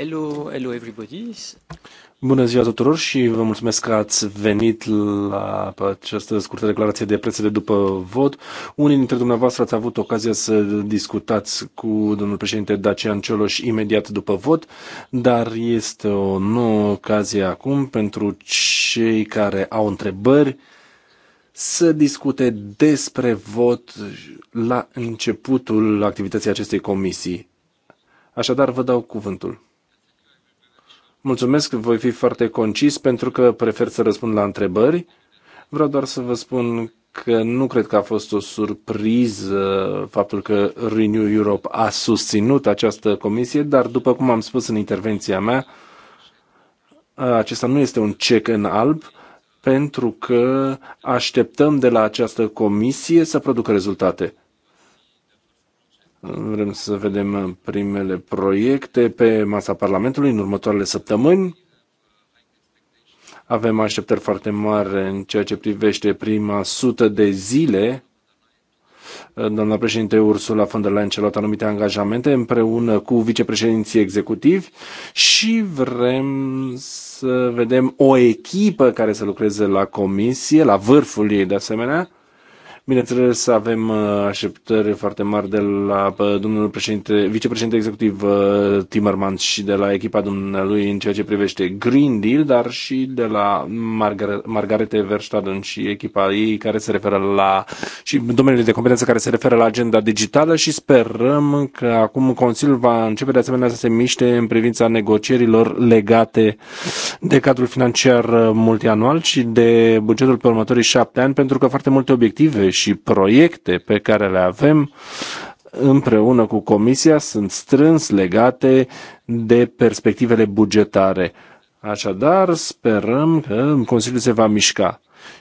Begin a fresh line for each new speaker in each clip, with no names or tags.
Hello, hello everybody.
Bună ziua tuturor și vă mulțumesc că ați venit la această scurtă declarație de preț de după vot. Unii dintre dumneavoastră ați avut ocazia să discutați cu domnul președinte Dacian Cioloș imediat după vot, dar este o nouă ocazie acum pentru cei care au întrebări să discute despre vot la începutul activității acestei comisii. Așadar, vă dau cuvântul. Mulțumesc, voi fi foarte concis pentru că prefer să răspund la întrebări. Vreau doar să vă spun că nu cred că a fost o surpriză faptul că Renew Europe a susținut această comisie, dar după cum am spus în intervenția mea, acesta nu este un cec în alb, pentru că așteptăm de la această comisie să producă rezultate. Vrem să vedem uh, primele proiecte pe masa Parlamentului în următoarele săptămâni. Avem așteptări foarte mari în ceea ce privește prima sută de zile. Uh, doamna președinte Ursula von der Leyen a luat anumite angajamente împreună cu vicepreședinții executivi și vrem să vedem o echipă care să lucreze la comisie, la vârful ei de asemenea, Bineînțeles, avem uh, așteptări foarte mari de la uh, domnul președinte, vicepreședinte executiv uh, Timmermans și de la echipa dumnealui în ceea ce privește Green Deal, dar și de la Margar- Margarete Verstappen și echipa ei care se referă la și domeniile de competență care se referă la agenda digitală și sperăm că acum Consiliul va începe de asemenea să se miște în privința negocierilor legate de cadrul financiar multianual și de bugetul pe următorii șapte ani, pentru că foarte multe obiective și proiecte pe care le avem împreună cu Comisia sunt strâns legate de perspectivele bugetare. Așadar, sperăm că Consiliul se va mișca.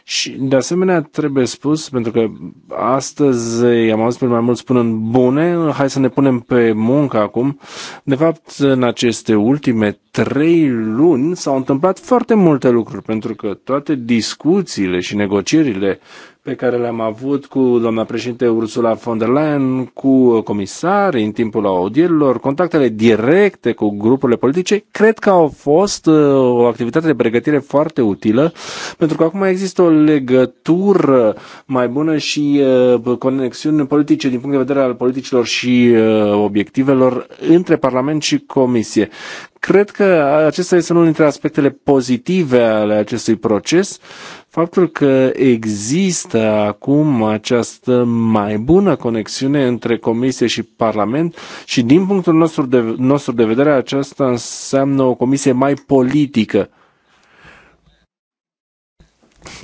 Și, de asemenea, trebuie spus, pentru că astăzi am auzit pe mai mult spunând bune, hai să ne punem pe muncă acum. De fapt, în aceste ultime trei luni s-au întâmplat foarte multe lucruri, pentru că toate discuțiile și negocierile pe care le-am avut cu doamna președinte Ursula von der Leyen, cu comisari în timpul audierilor, contactele directe cu grupurile politice, cred că au fost uh, o activitate de pregătire foarte utilă, pentru că acum există o legătură mai bună și uh, conexiuni politice din punct de vedere al politicilor și uh, obiectivelor între Parlament și Comisie. Cred că acesta este unul dintre aspectele pozitive ale acestui proces, faptul că există acum această mai bună conexiune între Comisie și Parlament și din punctul nostru de, nostru de vedere aceasta înseamnă o comisie mai politică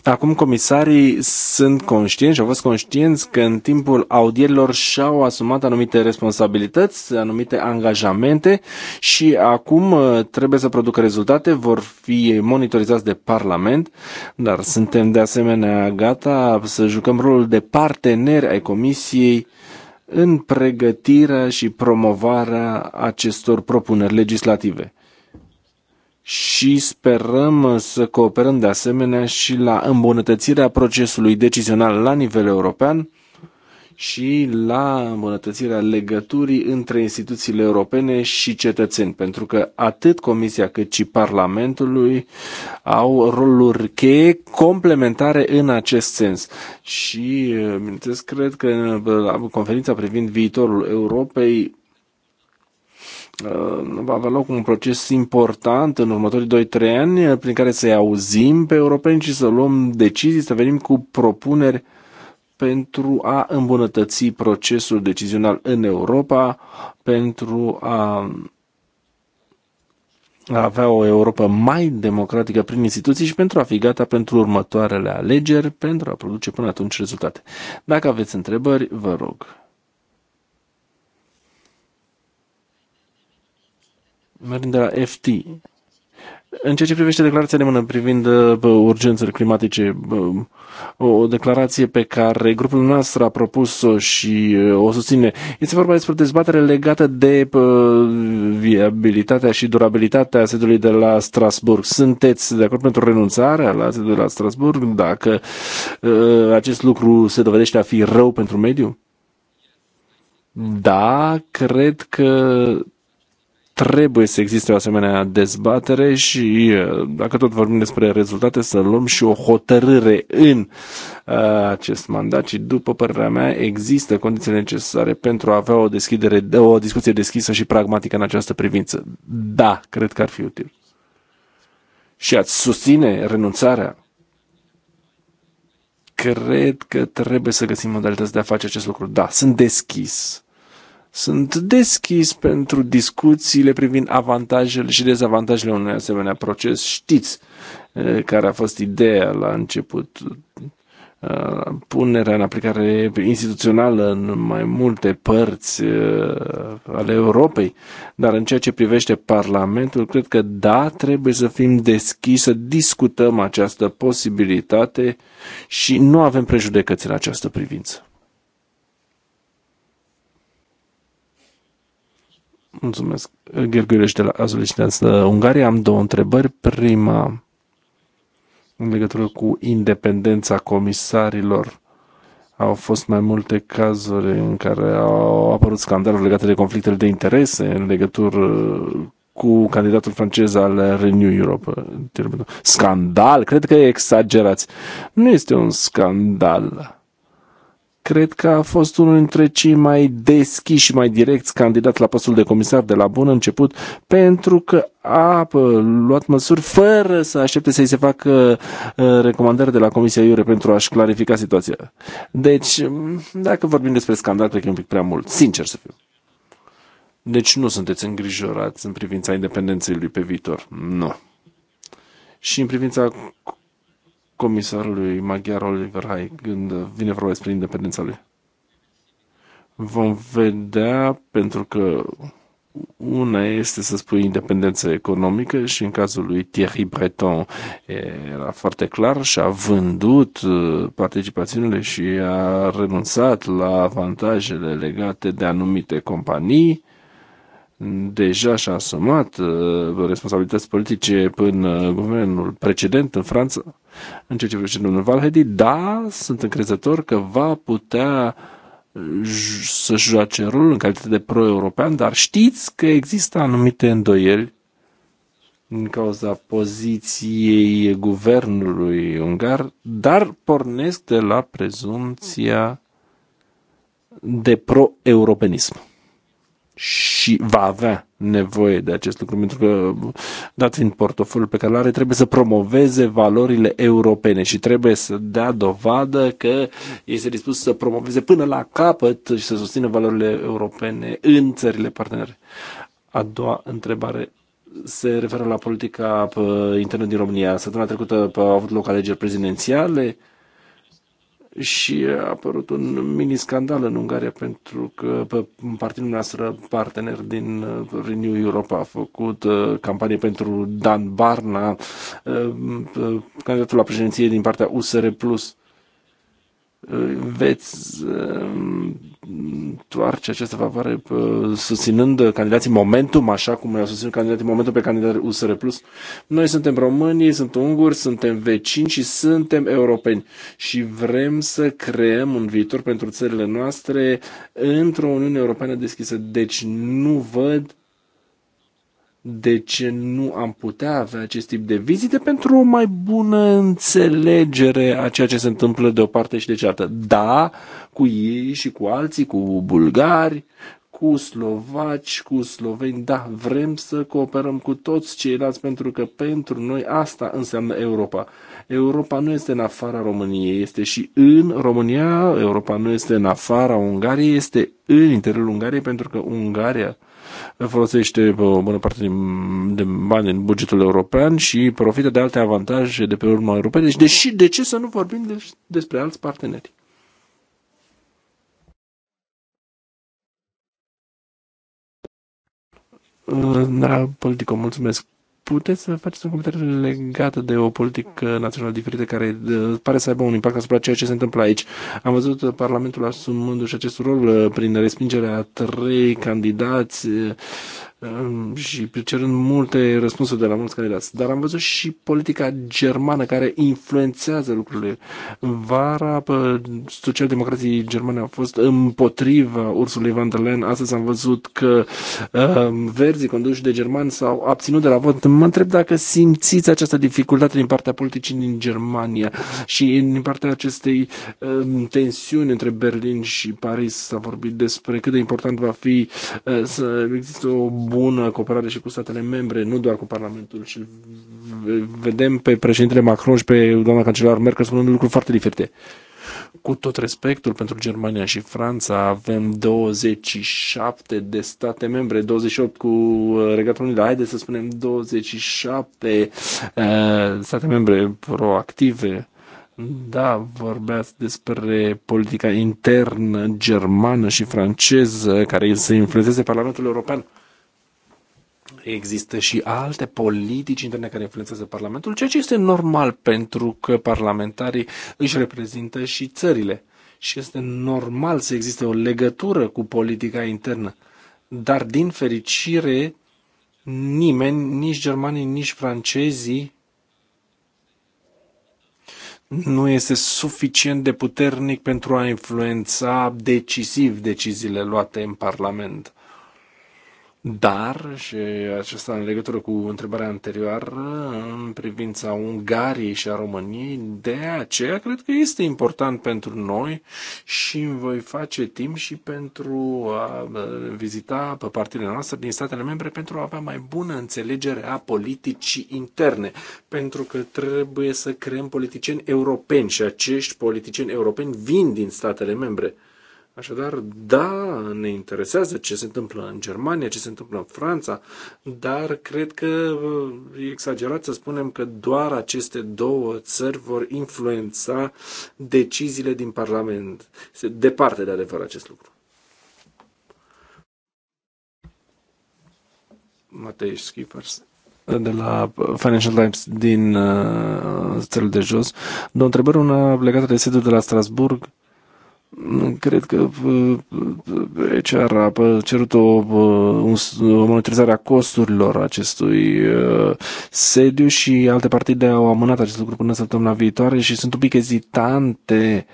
Acum comisarii sunt conștienți și au fost conștienți că în timpul audierilor și-au asumat anumite responsabilități, anumite angajamente și acum uh, trebuie să producă rezultate, vor fi monitorizați de Parlament, dar suntem de asemenea gata să jucăm rolul de parteneri ai Comisiei în pregătirea și promovarea acestor propuneri legislative și sperăm să cooperăm de asemenea și la îmbunătățirea procesului decizional la nivel european și la îmbunătățirea legăturii între instituțiile europene și cetățeni, pentru că atât Comisia cât și Parlamentului au roluri cheie complementare în acest sens. Și, bineînțeles, cred că la conferința privind viitorul Europei Uh, va avea loc un proces important în următorii 2-3 ani uh, prin care să-i auzim pe europeni și să luăm decizii, să venim cu propuneri pentru a îmbunătăți procesul decizional în Europa, pentru a avea o Europa mai democratică prin instituții și pentru a fi gata pentru următoarele alegeri, pentru a produce până atunci rezultate. Dacă aveți întrebări, vă rog. Mergem de la FT. În ceea ce privește declarația de mână privind bă, urgențele climatice, bă, o declarație pe care grupul nostru a propus-o și uh, o susține, este vorba despre dezbatere legată de bă, viabilitatea și durabilitatea sedului de la Strasburg. Sunteți de acord pentru renunțarea la sedul de la Strasburg dacă bă, uh, acest lucru se dovedește a fi rău pentru mediu? Da, cred că trebuie să existe o asemenea dezbatere și, uh, dacă tot vorbim despre rezultate, să luăm și o hotărâre în uh, acest mandat și, după părerea mea, există condițiile necesare pentru a avea o, deschidere, o discuție deschisă și pragmatică în această privință. Da, cred că ar fi util. Și ați susține renunțarea? Cred că trebuie să găsim modalități de a face acest lucru. Da, sunt deschis sunt deschis pentru discuțiile privind avantajele și dezavantajele unui asemenea proces. Știți care a fost ideea la început punerea în aplicare instituțională în mai multe părți ale Europei, dar în ceea ce privește Parlamentul, cred că da, trebuie să fim deschiși, să discutăm această posibilitate și nu avem prejudecăți în această privință. Mulțumesc, Gheorghe de la Azulicineață, uh, Ungaria. Am două întrebări. Prima, în legătură cu independența comisarilor, au fost mai multe cazuri în care au apărut scandaluri legate de conflictele de interese în legătură uh, cu candidatul francez al Renew Europe. Uh, scandal? Cred că exagerați. Nu este un scandal. Cred că a fost unul dintre cei mai deschiși și mai direcți candidați la postul de comisar de la bun început, pentru că a luat măsuri fără să aștepte să-i se facă ă, recomandări de la Comisia Iure pentru a-și clarifica situația. Deci, dacă vorbim despre scandal, cred că e un pic prea mult, sincer să fiu. Deci nu sunteți îngrijorați în privința independenței lui pe viitor. Nu. Și în privința comisarului maghiar Oliver Hai când vine vorba despre independența lui. Vom vedea, pentru că una este să spui independență economică și în cazul lui Thierry Breton era foarte clar și a vândut uh, participațiunile și a renunțat la avantajele legate de anumite companii deja și-a asumat uh, responsabilități politice până uh, guvernul precedent în Franța, în ceea ce privește domnul Valhedi, da, sunt încrezător că va putea uh, să joace rolul în calitate de pro-european, dar știți că există anumite îndoieli din cauza poziției guvernului ungar, dar pornesc de la prezumția de pro-europenism și va avea nevoie de acest lucru, pentru că, dat fiind portofoliul pe care îl are, trebuie să promoveze valorile europene și trebuie să dea dovadă că este dispus să promoveze până la capăt și să susțină valorile europene în țările partenere. A doua întrebare se referă la politica uh, internă din România. Săptămâna trecută au avut loc alegeri prezidențiale și a apărut un mini-scandal în Ungaria pentru că partidul noastră partener din Renew Europe a făcut uh, campanie pentru Dan Barna, uh, uh, candidatul la președinție din partea USR+. Veți întoarce această favoare uh, susținând candidații Momentum, așa cum i-au susținut candidații Momentum pe candidatul USR+. Noi suntem români, suntem unguri, suntem vecini și suntem europeni și vrem să creăm un viitor pentru țările noastre într-o Uniune Europeană deschisă. Deci nu văd de ce nu am putea avea acest tip de vizite pentru o mai bună înțelegere a ceea ce se întâmplă de o parte și de cealaltă. Da, cu ei și cu alții, cu bulgari, cu slovaci, cu sloveni, da, vrem să cooperăm cu toți ceilalți pentru că pentru noi asta înseamnă Europa. Europa nu este în afara României, este și în România, Europa nu este în afara Ungariei, este în interiorul Ungariei pentru că Ungaria folosește o bună parte din, de bani din bugetul european și profită de alte avantaje de pe urma europene. Deci, deși, de ce să nu vorbim de, despre alți parteneri? Doamna politică, mulțumesc. Puteți să faceți un comentariu legat de o politică națională diferită care uh, pare să aibă un impact asupra ceea ce se întâmplă aici. Am văzut uh, Parlamentul asumându-și acest rol uh, prin respingerea trei candidați și cerând multe răspunsuri de la mulți candidați. Dar am văzut și politica germană care influențează lucrurile. În vara, socialdemocrații germani au fost împotriva Ursului von der Leyen. Astăzi am văzut că uh, verzii conduși de germani s-au abținut de la vot. Mă întreb dacă simțiți această dificultate din partea politicii din Germania și din partea acestei uh, tensiuni între Berlin și Paris. S-a vorbit despre cât de important va fi uh, să există o bună cooperare și cu statele membre, nu doar cu Parlamentul. Și vedem pe președintele Macron și pe doamna cancelar Merkel spunând lucruri foarte diferite. Cu tot respectul pentru Germania și Franța, avem 27 de state membre, 28 cu uh, Regatul Unit, haideți să spunem 27 uh, state membre proactive. Da, vorbeați despre politica internă germană și franceză care să influențeze Parlamentul European există și alte politici interne care influențează Parlamentul, ceea ce este normal pentru că parlamentarii își reprezintă și țările. Și este normal să existe o legătură cu politica internă. Dar, din fericire, nimeni, nici germanii, nici francezii, nu este suficient de puternic pentru a influența decisiv deciziile luate în Parlament. Dar, și acesta în legătură cu întrebarea anterioară, în privința Ungariei și a României, de aceea cred că este important pentru noi și îmi voi face timp și pentru a vizita pe partidele noastre din statele membre pentru a avea mai bună înțelegere a politicii interne, pentru că trebuie să creăm politicieni europeni și acești politicieni europeni vin din statele membre. Așadar, da, ne interesează ce se întâmplă în Germania, ce se întâmplă în Franța, dar cred că uh, e exagerat să spunem că doar aceste două țări vor influența deciziile din Parlament. Se departe de adevăr acest lucru. Matei Schiffers uh, de la uh, Financial Times din uh, Stelul de Jos. Două întrebări, una legată de sediul de la Strasburg. Uh, Cred că ECR uh, a cerut o, uh, o monitorizare a costurilor acestui uh, sediu și alte partide au amânat acest lucru până săptămâna viitoare și sunt un pic ezitante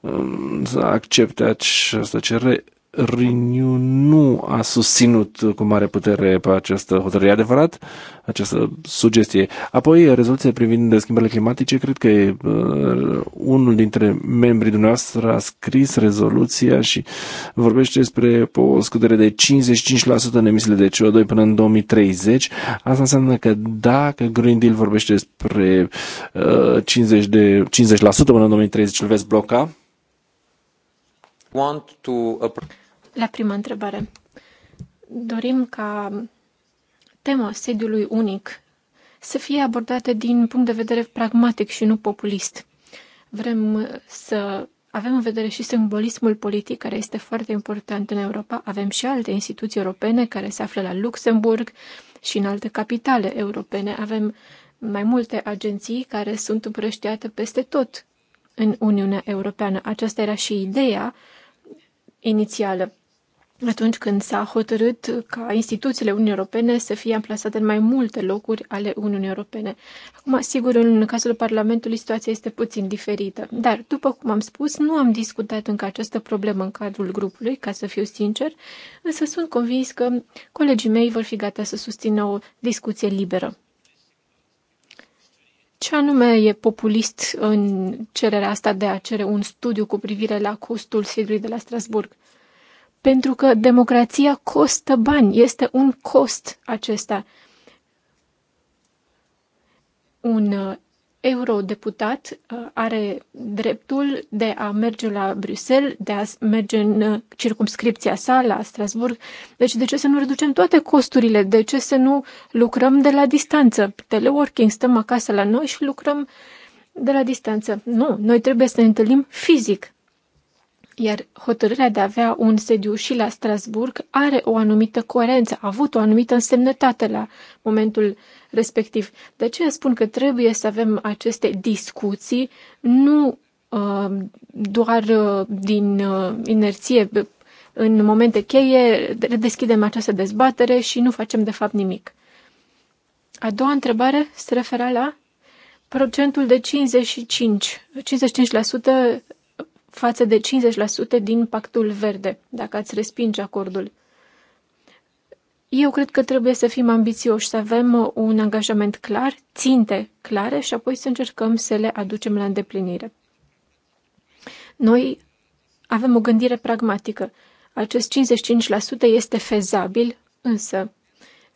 um, să accepte această cerere Renew nu a susținut cu mare putere pe această hotărâre. adevărat această sugestie. Apoi, rezoluția privind schimbările climatice, cred că uh, unul dintre membrii dumneavoastră a scris rezoluția și vorbește despre o scădere de 55% în emisiile de CO2 până în 2030. Asta înseamnă că dacă Green Deal vorbește despre uh, 50 de, 50% până în 2030, îl veți bloca? Want to
la prima întrebare. Dorim ca tema sediului unic să fie abordată din punct de vedere pragmatic și nu populist. Vrem uh, să avem în vedere și simbolismul politic, care este foarte important în Europa. Avem și alte instituții europene care se află la Luxemburg și în alte capitale europene. Avem mai multe agenții care sunt împrăștiate peste tot în Uniunea Europeană. Aceasta era și ideea inițială atunci când s-a hotărât ca instituțiile Uniunii Europene să fie amplasate în mai multe locuri ale Uniunii Europene. Acum, sigur, în cazul Parlamentului situația este puțin diferită, dar, după cum am spus, nu am discutat încă această problemă în cadrul grupului, ca să fiu sincer, însă sunt convins că colegii mei vor fi gata să susțină o discuție liberă. Ce anume e populist în cererea asta de a cere un studiu cu privire la costul sigurii de la Strasburg? pentru că democrația costă bani, este un cost acesta. Un uh, eurodeputat uh, are dreptul de a merge la Bruxelles, de a merge în uh, circumscripția sa, la Strasburg. Deci de ce să nu reducem toate costurile? De ce să nu lucrăm de la distanță? Teleworking, stăm acasă la noi și lucrăm de la distanță. Nu, noi trebuie să ne întâlnim fizic. Iar hotărârea de a avea un sediu și la Strasburg are o anumită coerență, a avut o anumită însemnătate la momentul respectiv. De aceea spun că trebuie să avem aceste discuții, nu uh, doar uh, din uh, inerție în momente cheie, redeschidem această dezbatere și nu facem de fapt nimic. A doua întrebare se referă la procentul de 55, 55% față de 50% din Pactul Verde, dacă ați respinge acordul. Eu cred că trebuie să fim ambițioși, să avem uh, un angajament clar, ținte clare și apoi să încercăm să le aducem la îndeplinire. Noi avem o gândire pragmatică. Acest 55% este fezabil, însă,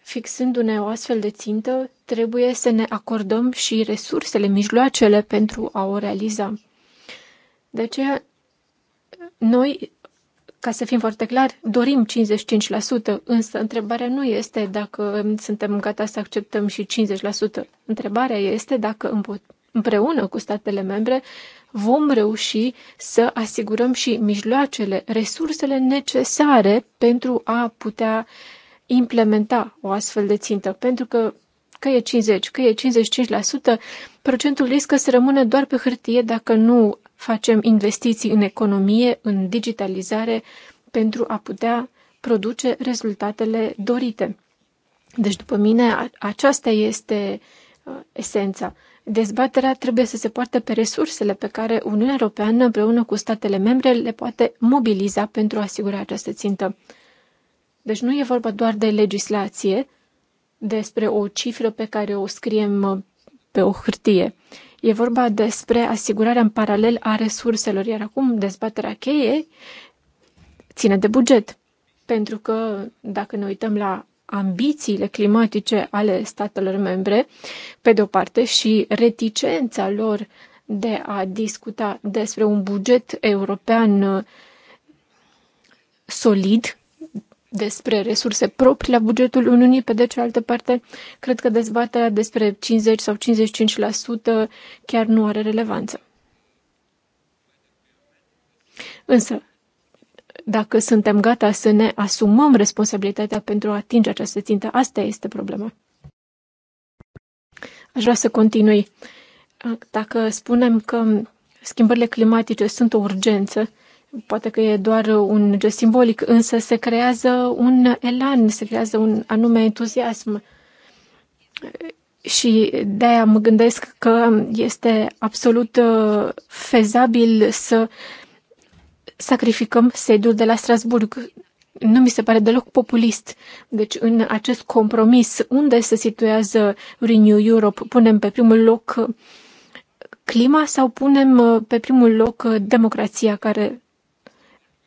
fixându-ne o astfel de țintă, trebuie să ne acordăm și resursele, mijloacele pentru a o realiza. De aceea noi, ca să fim foarte clar, dorim 55%, însă întrebarea nu este dacă suntem gata să acceptăm și 50%. Întrebarea este dacă împreună cu statele membre vom reuși să asigurăm și mijloacele, resursele necesare pentru a putea implementa o astfel de țintă, pentru că că e 50, că e 55%, procentul riscă să rămână doar pe hârtie dacă nu facem investiții în economie, în digitalizare, pentru a putea produce rezultatele dorite. Deci, după mine, aceasta este uh, esența. Dezbaterea trebuie să se poartă pe resursele pe care Uniunea Europeană împreună cu statele membre le poate mobiliza pentru a asigura această țintă. Deci nu e vorba doar de legislație, despre o cifră pe care o scriem uh, pe o hârtie. E vorba despre asigurarea în paralel a resurselor, iar acum dezbaterea cheie ține de buget. Pentru că dacă ne uităm la ambițiile climatice ale statelor membre, pe de o parte, și reticența lor de a discuta despre un buget european uh, solid, despre resurse proprii la bugetul Uniunii, pe de cealaltă parte, cred că dezbaterea despre 50 sau 55% chiar nu are relevanță. Însă, dacă suntem gata să ne asumăm responsabilitatea pentru a atinge această țintă, asta este problema. Aș vrea să continui. Dacă spunem că schimbările climatice sunt o urgență, Poate că e doar un gest simbolic, însă se creează un elan, se creează un anume entuziasm. Și de-aia mă gândesc că este absolut uh, fezabil să sacrificăm sediul de la Strasburg. Nu mi se pare deloc populist. Deci, în acest compromis, unde se situează Renew Europe? Punem pe primul loc clima sau punem uh, pe primul loc uh, democrația, care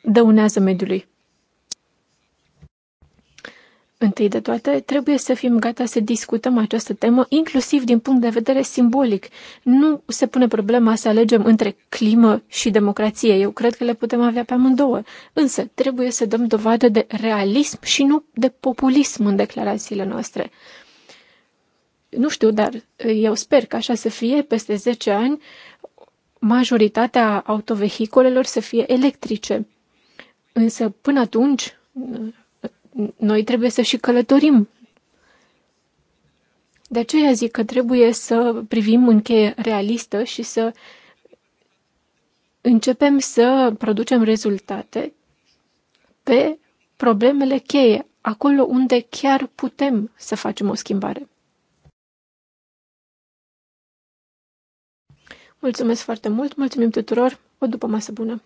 dăunează mediului. Întâi de toate, trebuie să fim gata să discutăm această temă, inclusiv din punct de vedere simbolic. Nu se pune problema să alegem între climă și democrație. Eu cred că le putem avea pe amândouă. Însă, trebuie să dăm dovadă de realism și nu de populism în declarațiile noastre. Nu știu, dar eu sper că așa să fie peste 10 ani majoritatea autovehicolelor să fie electrice Însă, până atunci, noi trebuie să și călătorim. De aceea zic că trebuie să privim în cheie realistă și să începem să producem rezultate pe problemele cheie, acolo unde chiar putem să facem o schimbare. Mulțumesc foarte mult, mulțumim tuturor, o după masă bună!